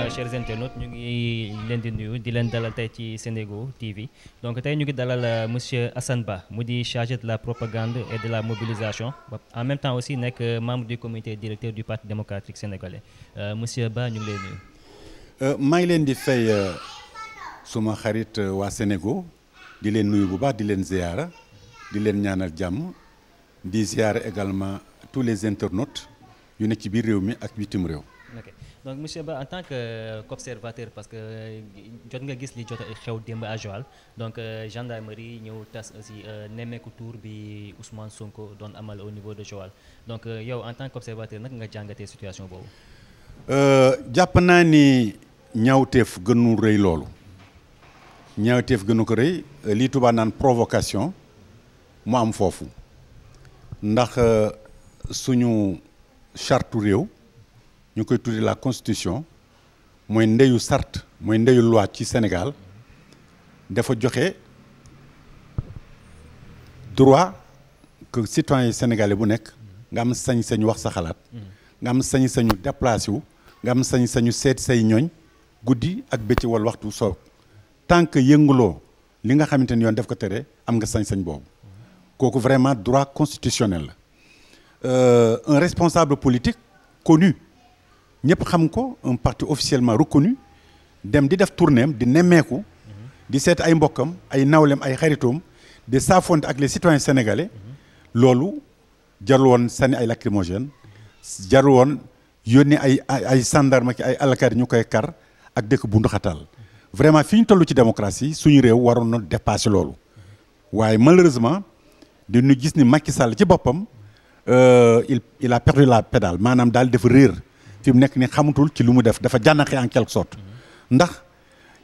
Euh, chers internautes ñu ngi leen di nuyu di leen dalal tey ci Senego TV donc tey ñu ngi dalal euh, monsieur Assane Ba mu di chargé de la propagande et de la mobilisation en même temps aussi nekk euh, membre du comité directeur du parti démocratique sénégalais monsieur Ba ñu ngi lay nuyu. maa ngi leen di fay suma xarit waa Senego di leen nuyu bu baax di leen ziyaara di leen ñaanal jàmm di ziyaara également tous les internautes yu nekk ci biir réew mi ak bitim réew. donc monsieur Ba en tant que euh, qu'observateur parce que euh, jot nga gis li jot xew démb à Joal donc euh, gendarmerie ñëw tas aussi nemmeeku tour bi Ousmane Sonko doon amal au niveau de Joal donc yow en tant qu'observateur nag nga jàngate situation boobu. jàpp naa ni ñaawteef gënu rëy loolu ñaawteef gënu ko rëy lii tubaab naan provocation mu am foofu ndax suñu chartu réew. ñu koy tuddee la constitution mooy ndeyu sart mooy ndeyu loi ci Sénégal dafa joxe droit que citoyen sénégalais bu nekk nga am sañ sañ wax sa xalaat nga am sañ-sañu déplacé wu nga am sañ-sañu seet say ñooñ guddi ak bëccëg wala waxtu soo tant que yënguloo li nga xamante ni yoon def ko tere am nga sañ-sañ boobu kooku vraiment droit constitutionnel la euh, un responsable politique connu ñëpp xam ko un parti officiellement reconnu dem di def tournéem di nemmeeku di seet ay mbokkam ay nawleem ay xaritoom di saafonte ak les citoyens sénégalais loolu jarul woon sànni ay lacrymogène jarul woon yónni ay ay gendarme ki ay alakaari ñu koy kar ak dëkk bu ndoxataal vraiment fi ñu toll ci démocratie suñu réew waroon na dépassé loolu waaye malheureusement di ñu gis ni Macky Sall ci boppam euh, il il a perdu la pédale maanaam daal dafa réer fi mu nekk ni xamatul ci lu mu def dafa jànnaxe en quelque sorte ndax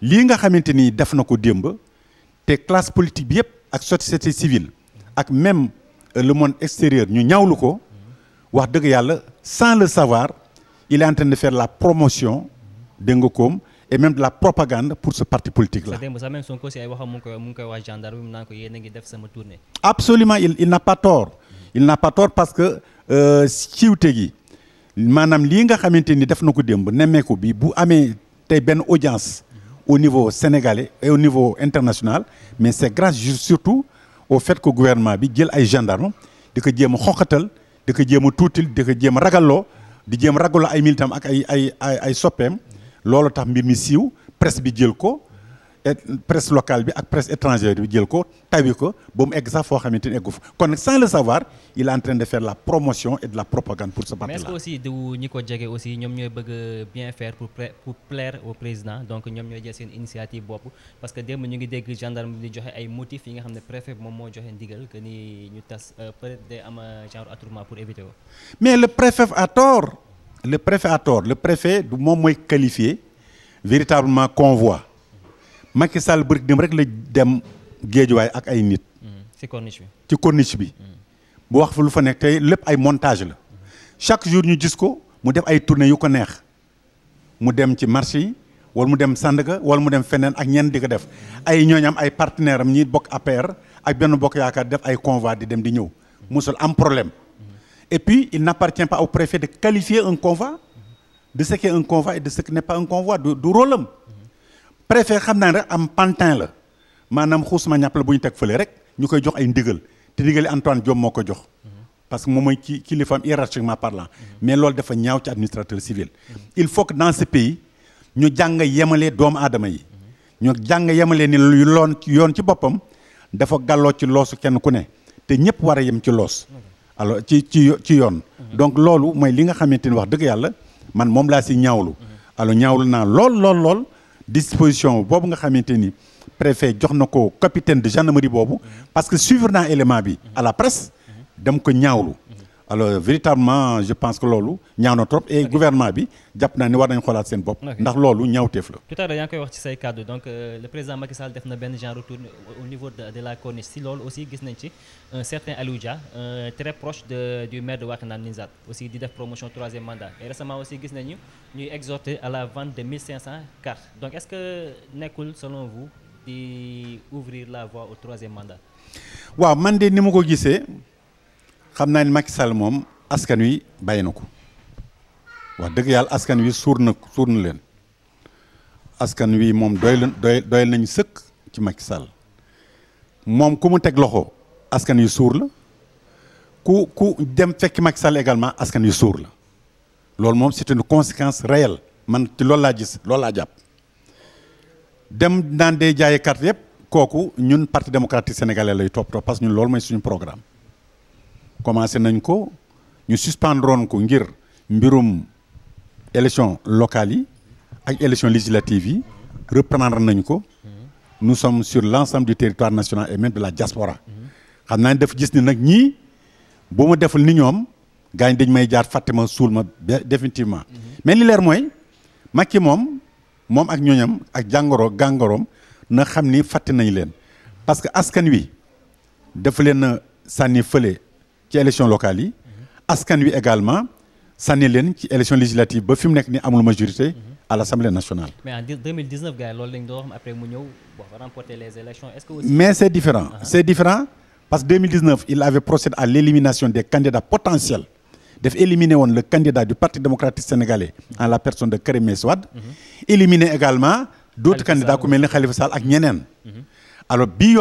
lii nga xamante ni def na ko démb te classe politique bi yëpp ak société civile ak même euh, le monde extérieur ñu ñaawlu ko wax dëgg yàlla sans le savoir il est en la promotion dégg nga koom et même de la propagande pour ce parti politique là. démb sax si ay waxam mu ngi koy mu ngi koy wax gendarme mu naan ko yéen a ngi def sama tournée. absolument il il il n'a parce que euh, ciwte gi. maanaam lii nga xamante ni def na ko démb nemmeeku bi bu amee tey benn audience au niveau sénégalais et au niveau international mais c'est grâce surtout au fait ko gouvernement bi jël ay gendarme di ko jéem a xoqatal di ko jéem a tuutil di ko jéem a ragalloo di jéem a ay militam ak ay ay ay soppeem loolu tax mbir mi siiw presse bi jël ko presse locale bi ak presse étrangère bi jël ko tawi ba mu egg sax foo xamante ni eggu fa kon sans le savoir il est en de faire la promotion et de la propagande pour ce parti là mais aussi du ñi ko jege aussi ñoom ñooy bëgg bien faire pour plaire au président donc ñoom ñooy jël seen initiative bopp parce que démb ñu ngi dégg gendarme bi joxe ay motifs yi nga xam ne préfet moom moo joxe ndigal que ni ñu tas euh, peut-être day euh, genre attroupement pour a tort le préfet Macky Sall bëri dem rek la dem géejuwaay ak ay nit. Mm-hmm. ci corniche bi ci corniche bi. bu mm-hmm. wax fa lu fa nekk tey lépp ay montage la. Mm-hmm. chaque jour ñu gis ko mu def ay tournée yu ko neex mu dem ci marché yi wala mu dem Sandaga wala mu dem feneen ak ñenn di ko def ay ñooñam ay partenaire am ñi bokk APR ak benn bokk yaakaar def ay convoi di dem di ñëw musul am problème. et puis il n'appartient pas au préfet de qualifier un convoi de ce qui est un convoi et de ce qui n'est pas du du préfet xam naa ne rek am pantin la maanaam xuusuma ñàpp la bu ñu teg fële rek ñu koy jox ay ndigal te ndigali Antoine Diome moo ko jox parce que moom mooy ki kilifaam hiérarchiquement parlant mais loolu dafa ñaaw ci administrateur civil il faut que dans ce pays ñu jàng yemalee doomu aadama yi ñu jàng yemalee ni lu loon yoon ci boppam dafa gàlloo ci loosu kenn ku ne te ñëpp war a yem ci loos alors ci ci ci yoon donc loolu mooy li nga xamante ni wax dëgg yàlla man moom laa si ñaawlu alors ñaawlu naa lool lool lool disposition boobu nga xamante ni préfet jox na ko capitaine de gendarmerie boobu mm-hmm. parce que suivre naa élément bi à la presse dam mm-hmm. ko ñaawlu mm-hmm. alors véritablement je pense que loolu ñaaw na trop et gouvernement bi jàpp naa ne war nañu xoolaat seen bopp. ndax loolu ñaawteef la. tout à fait yaa ngi koy wax ci say kàddu donc euh, le président Macky Sall def na benn genre retour au niveau de la corniche si loolu aussi gis nañ ci un certain Aliou très proche du maire de Wakhinane Nimzatt aussi di def promotion troisième mandat et récemment aussi gis nañu ñuy exhorter à la vente de 1500 cartes donc est-ce que nekkul selon vous di ouvrir la voie au troisième mandat. xam naa ne Macky Sall moom askan wi bàyyi na ko wax dëgg yàlla askan wi suur na suur na leen askan wi moom doy doy doyal nañu sëkk ci Macky Sall moom ku mu teg loxo askan wi suur la ku ku dem fekki Macky Sall également askan wi suur la loolu moom c'est une conséquence réelle man ci loolu laa gis loolu laa jàpp dem naan dee jaaye carte yëpp kooku ñun parti démocratique sénégalais lay topp topp parce ñun loolu mooy suñu programme commencé nañ ko ñu suspendroon ko ngir mbirum élection locale yi ak élection législative yi reprendre nañ ko nous sommes sur l'ensemble du territoire national et même de la diaspora xam naa ne dafa gis ni nag ñii bu ma deful ni ñoom gars dañ may jaar fàtte ma suul ma définitivement mais li leer mooy Macky moom moom ak ñooñam ak jàngoro gàngoroom na xam ni fàtte nañ leen parce que askan wi dafa leen sànni fële ci élection locale yi askan wi également sànni leen ci élection législative ba fi mu nekk ni amul majorité à l'Assemblée nationale. mais en 2019 gars loolu lañ doon wax après mu ñëw c'est différent ah. c'est différent parce que il avait procédé à l'élimination des candidats potentiels daf éliminer woon le candidat du Parti démocratique sénégalais en la personne de Karim Meïssa mm-hmm. éliminer également d'autres candidats ku mel ni Khalifa Sall ak ñeneen. Mm-hmm. alors bii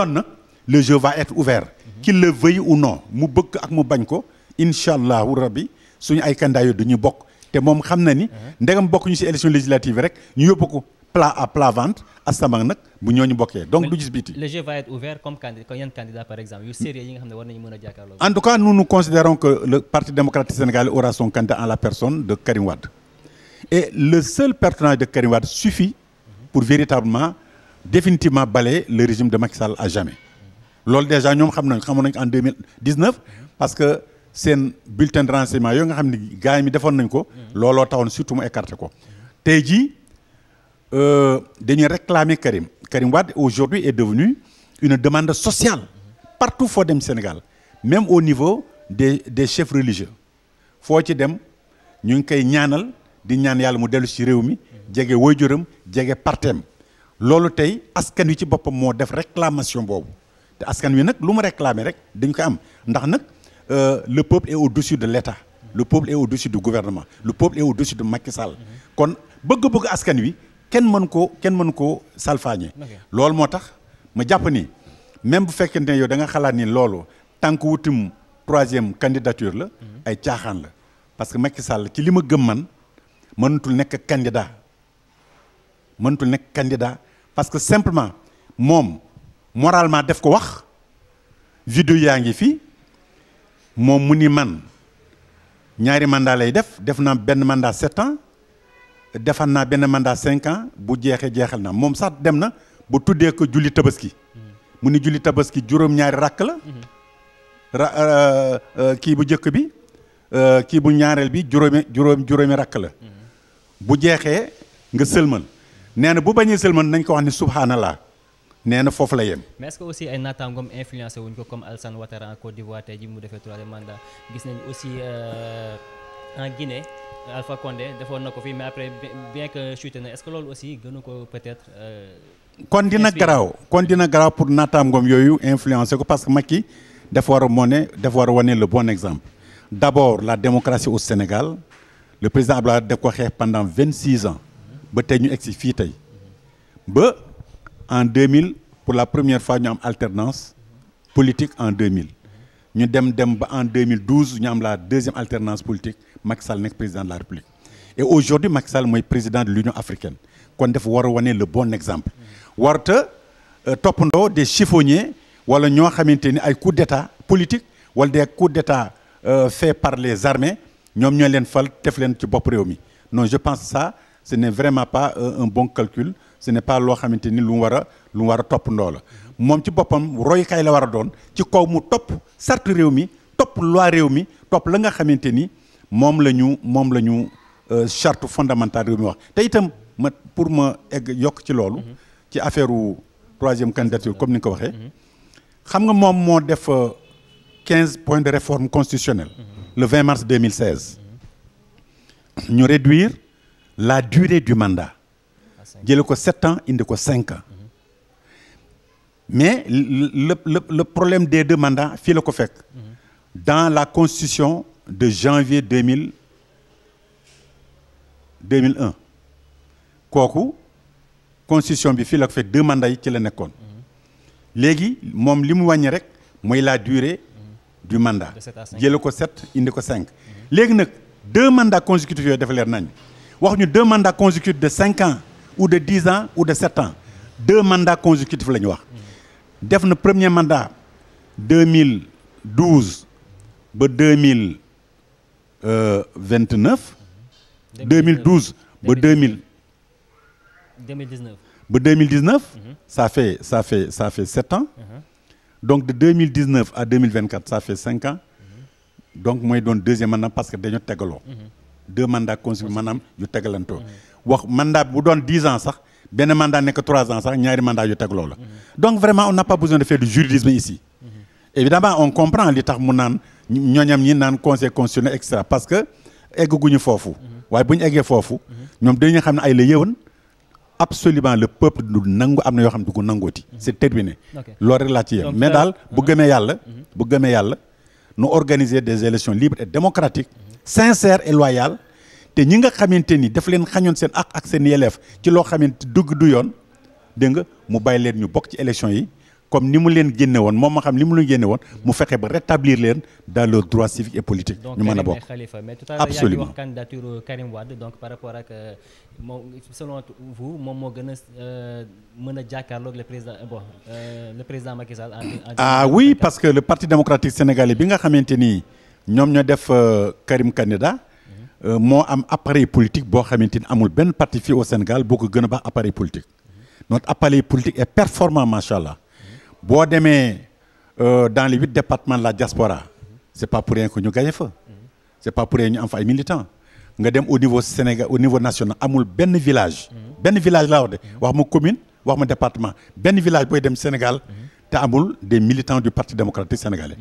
le jeu va être ouvert qu'il le veuille ou non mu bëgg ak mu bañ ko incha allahu su ñu ay kandidat du ñu bokk te moom xam na ni uh-huh. ndegam bokk ñu si élection législative rek ñu yóbbu ko plat à plat ventre astamak nag bu ñooñu bokkee donc du gis biti le jeu va être ouvert comme candidat comme yenn candidat par exemple yu sérieux yi nga xam ne war nañu mën a jàkkaarloo que le parti démocratique sénégalais aura son en la personne de Karim Wade et le seul personnage de Karim Wade suffit uh-huh. pour véritablement définitivement bale le régime de Macky Sall à jamais loolu déjà ñoom xam nañ xamoon nañ ko en deux mille dix neuf parce que seen bulletin de renseignement yooyu nga xam ni gars mi defoon nañ ko. looloo taxoon surtout mu écarté ko. tey jii euh, dañuy réclamer Karim Karim Wade aujourd'hui et devenu une demande sociale partout foo dem Sénégal même au niveau des des chefs foo ci dem ñu ngi koy ñaanal di ñaan yàlla mu dellu ci réew mi jege waajuram jege parteem loolu tey askan wi ci boppam moo def réclamation boobu. te askan wi nag lu mu réclamer rek dañ ko am ndax nag euh, le peuple est au-dessus de l'État le peuple est au-dessus du gouvernement le peuple est au-dessus de Macky Sall kon bëgg-bëgg askan wi kenn mën koo kenn mën koo salfaañe loolu moo tax ma jàpp ni même bu fekkente ne yow da xalaat ni loolu tànk wutum troisième candidature la mhm. ay caaxaan la parce que Macky Sall ci li ma gëm man mënatul nekk candidat mënatul nekk candidat parce que simplement moom moralement def ko wax vidéo yaa ngi fi moom mu ni man ñaari mandat lay def def naa benn mandat sept defal naa benn mandat cinq ans bu jeexee jeexal na moom sax dem na bu tuddee ko julli tabaski mu ni julli tabaski juróom-ñaari rakk la ra euh, euh, kii bu jëkk bi euh, kii bu ñaareel bi juróomi juróom juróomi rakk la bu jeexee nga sëlmal nee na bu bañee sëlmal nañ ko wax ni subhanallah nee na foofu la yem. mais est-ce que aussi ay naataangoom influencé wuñ ko comme Alassane Ouattara en Côte d'Ivoire tey ji mu defee troisième mandat gis nañ aussi euh, en Guinée Alpha Condé defoon na ko fii mais après bien que chuté na est-ce que loolu aussi gënu ko peut-être. Euh, kon dina garaaw kon dina garaaw pour naataangoom yooyu influencé ko parce que Macky dafa war a mone dafa war a wane le bon exemple d'abord la démocratie au Sénégal le président la da ko xeex pendant vingt six ans ba tey ñu egsi fii tey ba en pour la première fois ñu am alternance politique en 2000 ñu dem dem ba en 2012 ñu am la deuxième alternance politique Macky Sall président de la République et aujourd'hui Macky Sall mooy président de l'Union africaine kon dafa war a wane le bon exemple warta euh, toppandoo des chiffonniers wala ñoo xamante ni ay coup d'état politique wala des coups d'état euh, fait par les armées ñoom ñooy leen fal def leen ci bopp réew mi non je pense ça ce n'est vraiment pas euh, un bon calcul ce n'est pas loo xamante ni lu mu war a lu mu war a topp ndoo la moom ci boppam royukaay la war a doon ci kaw mu topp charte réew mi topp loi réew mi topp la nga xamante ni moom la ñu moom la ñu euh, charte fondamentale réew mi wax te itam ma pour ma egg yokk ci loolu mhm. ci affaire u troisième candidature mhm. comme ni nga ko waxee mhm. xam nga moom moo def euh, quinze points de réforme constitutionnelle le 20 mars 2016 ñu réduire la durée du mandat jële ko sept ans indi ko cinq ans mhm. mais le le le problème des deux mandats fii la ko fekk mhm. dans la constitution de janvier deux mille deux mille un kooku constitution bi fii la ko fekk deux mandats yi ci la nekkoon mhm. léegi moom li mu wàññi rek mooy la durée du mandat jële ko sept indi ko cinq léegi nag deux mandats consécutifs yooyu dafa leer nañ wax ñu deux mandats consécutifs de cinq ans ou de dix ans ou de sept ans deux mandats consécutifs la ñu wax. def na premier mandat deux mille douze ba deux mille vingt neuf. deux mille douze ba deux mille. deux mille dix neuf. ba deux mille dix neuf. Mhm. ça fait ça fait ça fait ans. Mhm. donc deux mille dix neuf à deux mille vingt quatre ça fait cinq ans. donc mooy doon deuxième mandat parce que dañoo tegaloo. Mhm. deux mandats consécutifs maanaam yu tegalantoo. wax mandat bu doon dix ans sax benn mandat nekk trois ans sax ñaari mandat yu teg loola. donc vraiment on n'a pas besoin de faire juridisme ici. évidemment on comprend li tax mu naan ñooñam ñi naan conseil constitutionnel et parce que egguñu foofu. waaye bu ñu eggee foofu. ñoom ñu xam ne ay la yëwan. absolument le peuple du nangu am na yoo xam ne du ko nangooti. c'est terminé. loolu rek laa ci yem mais euh, daal bu euh, gëmee yàlla. Euh, bu gëmee yàlla nu organiser des élections libres et démocratiques. sincères et te ñi nga xamante ni daf leen xañoon seen ak ak seen yelleef ci loo xamante dugg du yoon dégg nga mu bàyyi leen ñu bokk ci élection yi comme ni mu leen génne woon moom ma xam ni mu leen génne woon mu fexe ba rétablir leen dans leurs droits civiques et politiques. ñu mën a bokk absolument donc candidature Karim Wade donc par rapport ak euh, moom selon vous moom moo gën a euh, mën a jàkkaarloog le président euh, bon le président Macky Sall. ah oui parce que le parti démocratique sénégalais bi nga xamante ni ñoom ñoo def Karim candidat. Euh, moo am appareil politique boo xamante ni amul benn parti fii au Sénégal boo ko gën a baax appareil politique notre appareil politique est performant macha allah boo demee euh, dans les huit départements de la diaspora c' pas pour rien que ñu gañe fa c' est pas pour rien ñu am fa ay militants nga dem au niveau Sénégal au niveau national amul benn village benn village laa wax de wax ma commune wax ma département benn village booy dem Sénégal te amul des militants du Parti démocratique sénégalais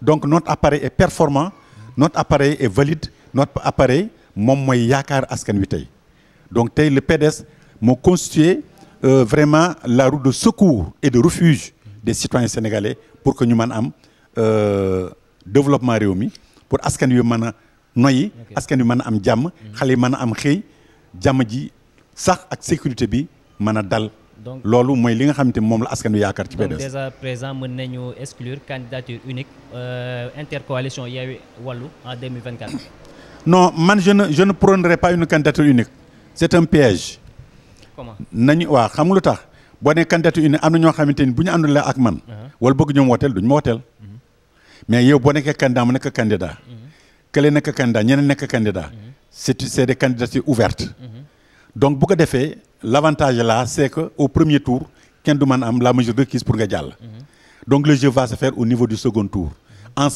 donc notre appareil est performant notre appareil valide notre appareil moom mooy yaakaar askan wi tey donc tey le PDS moo constitué euh, vraiment la route de secours et de refuge des citoyens sénégalais pour que ñu mën am euh, développement réew mi pour askan wi mën a noyyi askan wi mën a am jàmm mm-hmm. xale yi mën a am xëy jàmm ji sax ak sécurité bi mën a dal donc loolu mooy li nga xamante moom la askan wi yaakaar ci PDS donc déjà présent mën nañu exclure candidature unique euh, intercoalition Yewwi Wallu en 2024 non man je ne je ne prônerai pas une candidature unique c'est un piège. comment nañu waaw xam nga lu tax boo nee candidature unique am na ñoo xamante ni bu ñu àndul la ak man. Uh-huh. wala bëgg ñoom woteel duñ ma woteel. Uh-huh. mais yow boo nekkee candidat ma nekk candidat. Uh-huh. kële nekk candidat ñeneen nekk candidat. c'est c'est des candidatures ouvertes. donc bu defee l'avantage là c'est au premier tour kenn du mën am la mesure requise pour nga jàll. donc le jeu va se faire au niveau du second tour. en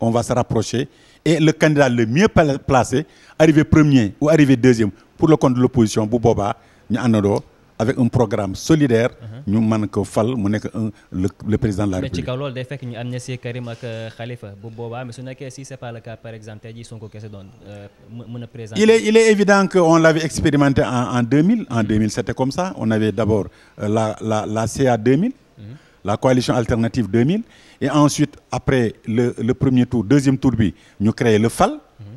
on va se rapprocher. Et le candidat le mieux placé, arrivé premier ou arrivé deuxième pour le compte de l'opposition, Bouboba, nous en avec un programme solidaire mhm. ñu mën ko fal mu nekk un le président de la république mais ci kaw loolu fekk ñu amnistie Karim ak euh, Khalifa bu boobaa mais su nekkee si c'est pas le cas par exemple tey jii Sonko kese doon euh, mën a présenter. il est évident que on l'avait expérimenté en en 2000 en comme ça on avait d'abord euh, la la la CA 2000. la coalition alternative 2000 et ensuite après le le premier tour deuxième tour bi ñu créer le FAL.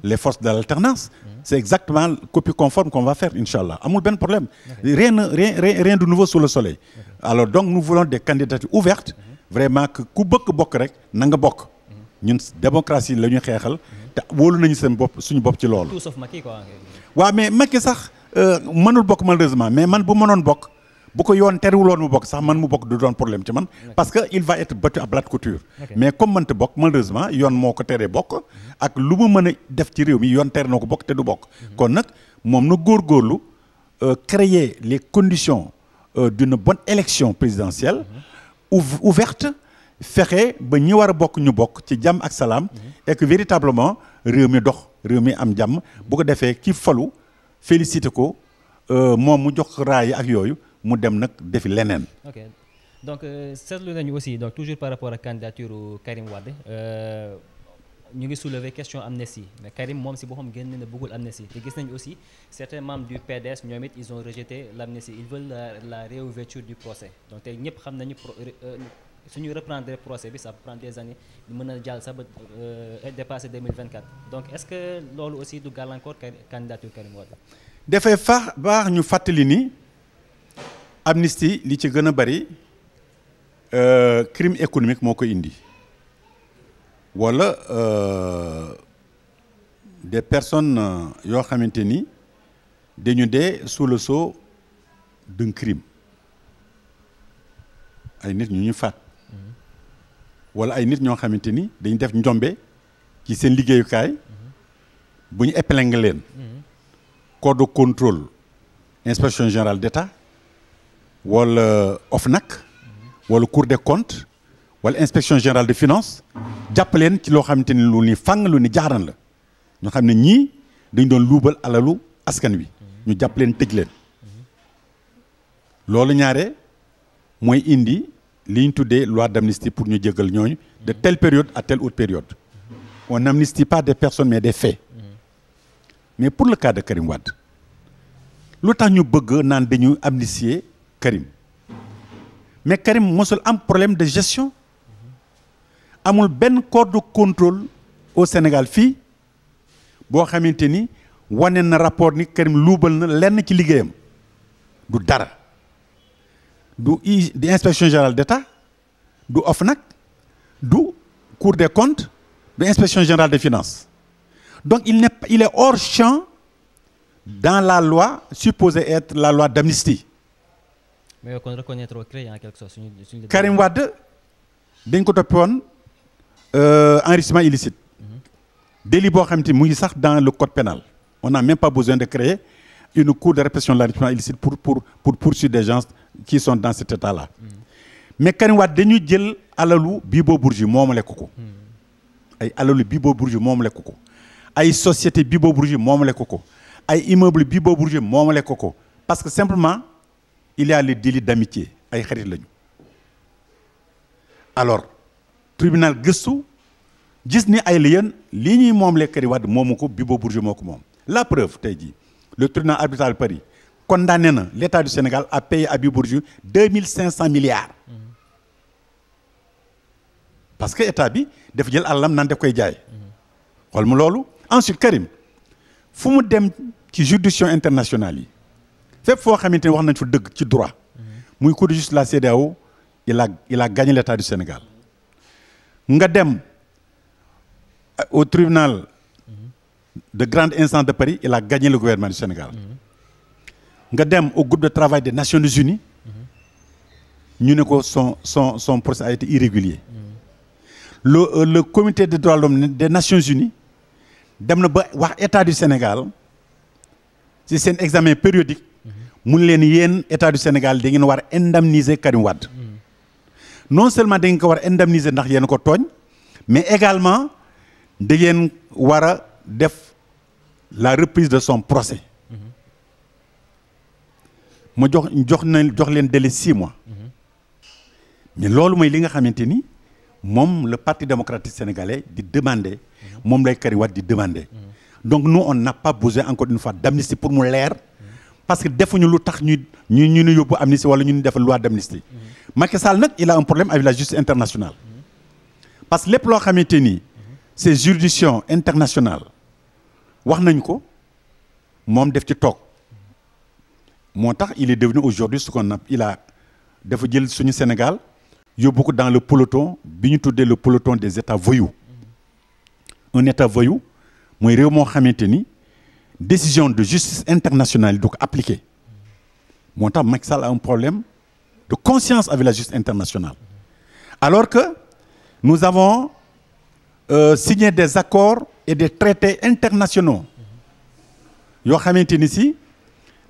les forces de l'alternance c'est exactement copie conforme qu'on va faire inchallah amul benn problème rien rien rien de nouveau sous le soleil alors donc nous voulons des candidatures ouvertes mhm. vraiment ku bëkk bokk rek na nga bokk mhm. ñun démocratie la ñu xeexal mhm. te wóolu nañu seen bopp suñu bopp ci lool tout sauf Macky quoi waaw mais Macky sax euh, mënul bokk malheureusement mais man bu mënoon bokk bu ko yoon terewuloon mu bokk sax man mu bokk du doon problème ci man parce que il va être battu à plate couture mais comme mënta bokk malheureusement yoon moo ko teree bokk mhm. ak lu mu mën a def ci réew mi yoon tere na ko bokk te du bokk mhm. kon nag moom na góorgóorlu euh, créer les conditions euh, d'une bonne élection présidentielle mhm. ouverte fexe ba ñi war a bokk ñu bokk ci jàmm ak salaam et véritablement réew mi dox réew mi am jàmm bu ko defee kii falu félicité ko euh, moom mu jox raay ak yooyu mu dem nag defi leneen. ok donc euh, seetlu nañu aussi donc toujours par rapport ak candidature Karim Wade euh, ñu ngi soulever question amnistie mais Karim moom si boppam génn na bëggul amnistie te gis nañu aussi certains membres du PDS ñoom it ils ont rejeté l' amnistie ils veulent la la réouverture du procès donc tey ñëpp xam nañu euh, su ñu reprendre procès bi ça peut des années mën a jàll sa ba dépasser 2024 donc est ce que loolu aussi du gàllankoor candidature Karim Wade. dafay fa baax ñu fàttali amnistie li ci gën a bari euh, crime économique moo ko indi walla euh, des personnes euh, yoo xamante ni dañu dee sous le sceau d'un crime ay nit ñu ñu faat walla ay nit ñoo xamante ni dañ def njombe ci seen liggéeyukaay bu ñu épingle leen mm-hmm. corps de inspection générale d'État wala nag wala Cour de comptes wala inspection générale finance jàpp leen ci loo xamante ni lu ni fàng lu ni jaaran la ñu xam ne ñii dañ doon luubal alalu askan wi ñu leen tëj leen loolu ñaare mooy indi li ñu tuddee loi d'amnistie pour ñu jégal ñooñu de telle période à telle autre période on n'amnistie pas des personnes mais des faits mais pour le cas de Karim lu tax ñu bëgg naan dañu amnistier Karim mais Karim mosul am problème de gestion amul benn corps du contrôle au Sénégal fii boo xamante ni wane na rapport ni Karim luubal na lenn ci liggéeyam du dara du i du inspection générale d'État du nag du Cour des comptes de l'inspection générale de finance donc il n'est il est hors champ dans la loi supposée être la loi d'amnistie mais kon reconnaître au créé en quelque sorte suñu suñu. Karim Wade dañ ko toppee woon euh, enrichissement illicite. Mhm. délit boo xam te mu ngi sax dans le code pénal on n'a même pas besoin de créer une cour de répression de l'enrichissement illicite pour pour pour poursuivre des gens qui sont dans cet état là. Mmh. mais Karim Wade dañu jël alalu Bibo Bourgi moom lekk ko. Mhm. ay alalu Bibo Bourgi moom lekk ko. ay société Bibo Bourgi moom lekk ko. ay immeuble Bibo Bourgi moom lekk ko parce que simplement. il y a le délit ay xarit lañu alors tribunal gëstu gis ni ay liyen lii ñuy moom le Karim Wade moomu ko Bibo Bourgi moo ko moom la preuve tey jii le tribunal arbitral Paris condamné na l'État du Sénégal à payer à Bibo Bourgi mille cinq cent milliards parce que état bi def jël alalam naan koy jaay xool mu loolu ensuite Karim fu mu dem ci juridiction internationale yi fépp foo xamante ne wax nañ fa dëgg ci droit muy cour de la CEDEAO il a il l'état du Sénégal nga dem euh, au tribunal de grande instance de Paris il a gagné le gouvernement du Sénégal nga dem au groupe de travail des Nations Unies ñu ne ko son son son procès a été irrégulier le euh, le comité des droits de des Nations Unies dem na ba wax état du Sénégal ci seen examen périodique mun leen yéen état du Sénégal da ngeen war indemniser Karim Wade non seulement da ko war indemniser ndax yéen ko tooñ mais également da ngeen war a def la reprise de son procès ma jox jox na jox leen délai six mois loolu mooy li nga xamante ni moom le parti démocratique sénégalais di demander moom lay Karim Wade di demander donc nous on n'a pas besoin encore une fois d'amnistie pour mu leer parce que defuñu lu tax ñu ñu ñu ñu yóbbu amnistie wala ñu ñu defal loi d'amnistie Macky Sall nag il a un problème avec la justice internationale parce que lépp loo xamante ni ces juridictions internationales wax nañ ko moom def ci toog moo tax il est devenu aujourd'hui ce qu'on a il a dafa jël suñu Sénégal yóbbu ko dans le peloton bi ñu tuddee le peloton des états voyous un état voyou mooy réew moo xamante ni décision de justice internationale yi du ko appliqué moo tax Macky a un problème de conscience avec la justice internationale alors que nous avons euh, signé des accords et des traités internationaux yoo xamante ni si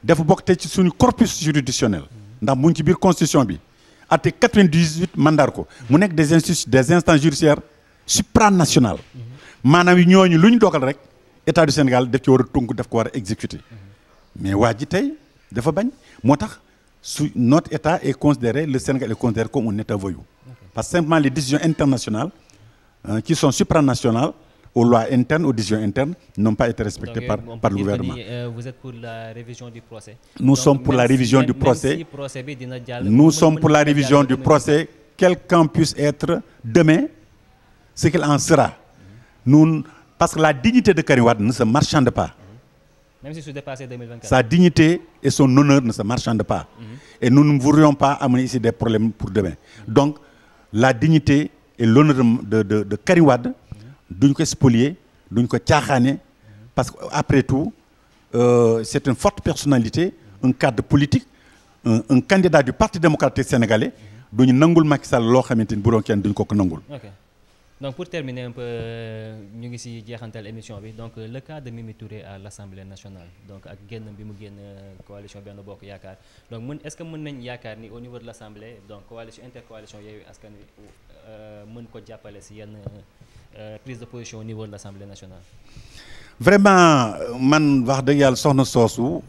dafa bokk te ci suñu corpus juridictionnel ndax mu ngi ci biir constitution bi article 98 mandat ko mu nekk des instances des instances judiciaires supranationales maanaam ñooñu lu ñu dogal rek état du Sénégal daf ci war a tënk daf war a exécuter mais waa ji tey dafa bañ moo tax su notre état est considéré le Sénégal est considéré comme un état voyou parce que simplement les décisions internationales hein, euh, qui sont supranationales aux lois internes aux décisions internes n'ont pas été respectées euh, par par le gouvernement. la euh, révision du procès. nous sommes pour la révision du procès nous la révision du procès quel qu'en puisse être demain ce qu'il en sera Parce que la dignité de Karim Wade ne se marchande pas. Même si je suis dépassé 2024. Sa dignité et son honneur ne se marchandent pas. Mm -hmm. Et nous ne voudrions pas amener ici des problèmes pour demain. Mhm. Donc, la dignité et l'honneur de, de, de Karim Wade, duñ ko spolier, duñ ko caaxaane, parce que après tout, euh, c'est une forte personnalité, un cadre politique, un, un candidat du Parti démocratique sénégalais, mhm. ñu nangul Macky Sall loo xamante ni bu doon kenn duñ ko ko nangul. donc pour terminer un peu euh, ñu ngi si jeexantal émission bi donc euh, le cas de Mimi Touré à l'Assemblée nationale donc ak génn bi mu génn euh, coalition benn Bokk Yaakaar donc mën est-ce que mën nañ yaakaar ni au niveau de l'Assemblée donc coalition intercoalition Yewwi Askan Wi mën ko jàppale si yenn prise de position au de l'Assemblée nationale vraiment man wax dëgg yàlla soxna soosu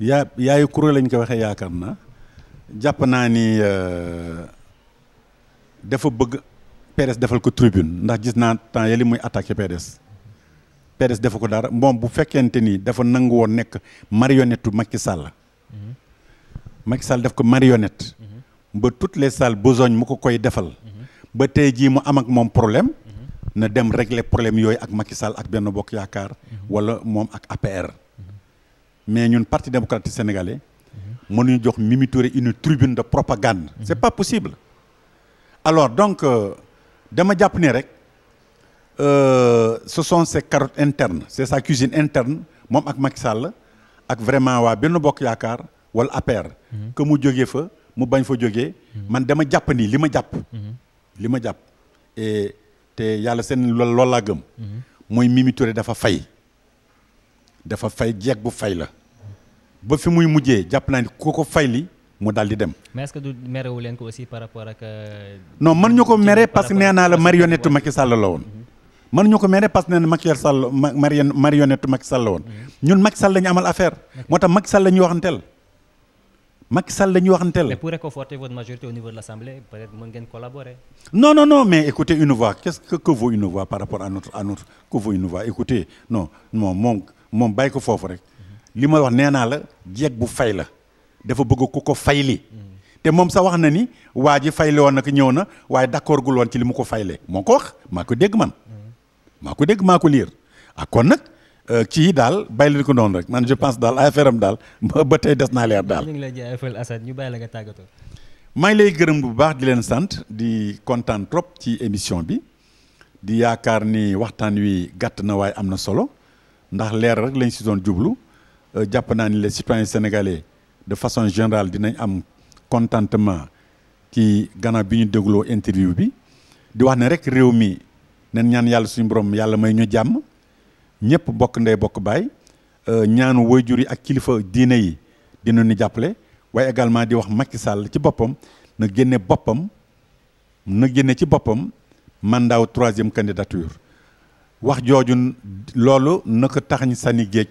yaa yaayu kuréel lañ ko waxee yaakaar na jàpp naa ni dafa bëgg PDS defal ko tribune ndax gis naa temps yële muy attaqué PDS PDS defu ko dara moom bu fekkente ni dafa nangu woon nekk marionnette makki Sall. Macky Sall def ko marionnette. Mhm. ba toute les salles besogne mu ko koy defal. Mhm. ba tey jii mu am ak moom problème. na dem régler problème yooyu ak Macky Sall ak benn bokk yaakaar. Mhm. wala moom ak APR. mais ñun parti démocratique sénégalais. ñu jox Mimi Touré une tribune de propagande. c'est pas possible. alors donc. Euh, dama jàpp ne rek euh, ce sont ses carottes internes c'est sa cusine interne moom ak Macky sàll ak vraiment waa benn bokk yaakaar wala APR. Mhm. que mu jógee fa mu bañ fa jóge mhm. man dama jàpp nii li ma jàpp. Mhm. li ma jàpp e te yàlla seen lool laa gëm. mooy Mimi Touré dafa fay. dafa fay jeeg bu fay la. ba fi muy mujjee jàpp naa ni ku ko fay li mu daal di dem. mais est-ce merewu leen ko aussi par rapport ak. Euh, non man ñu ko mere parce que nee naa la marionnette Macky Sall la woon. Mhm. ñu ko mere parce que nee na Macky Sall marionnette Macky Sall la woon. Mhm. ñun Macky Sall la ñu amal affaire. moo tax Macky Sall la ñuy waxanteel. Macky Sall la ñuy waxanteel. mais pour réconforter votre majorité au niveau de l'Assemblée peut-être mën ngeen collaborer. non non non mais écoutez une par rapport à notre à notre que vaut une voix moom moom bàyyi ko foofu rek. Mhm. li ma wax nee naa la jeeg bu fay la. dafa bëgg ku ko fay li te moom sax wax na ni waa ji fayle woon nag ñëw na waaye d'accord gul woon ci li mu ko fayle moo ko wax maa ko dégg man maa ko dégg maa ko liir ak ah, kon nag ci euh, daal bay leen ko noonu rek man je pense daal affaire am daal ba tey des naa leer daal. ñu ngi lay jaajëfal ñu bàyyi la nga tàggatoo. maa ngi lay gërëm bu baax di leen sant di kontaan trop ci émission bi di yaakaar ni waxtaan wi gàtt na waaye am na solo ndax leer rek lañ si doon jublu euh, jàpp naa ni les citoyens sénégalais de façon générale dinañ am contentement ci gannaaw bi ñu dégloo interview bi di wax ne rek réew mi nen ñaan yàlla suñu borom yàlla may ñu jàmm ñëpp bokk ndey bokk baay euh, ñaanu waajur yi ak kilifa diine yi dina ñu jàppale waaye également di wax Macky Sall ci boppam na génne boppam na génne ci boppam mandaaw troisième candidature wax jooju loolu na ko taxañ sani géej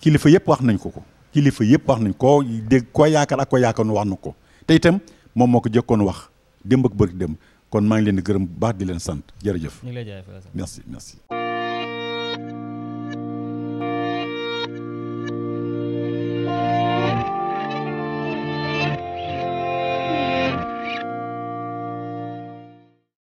kilifa yëpp wax nañ ko ko kilifa yëpp wax nañ ko dégg koo yaakaar ak koo yaakaar nu wax na ko te itam moom moo ko jëkkoon wax démb ak bëri dem kon maa ngi leen di gërëm bu baax di leen sant jërëjëf. ñu ngi lay jaay merci merci.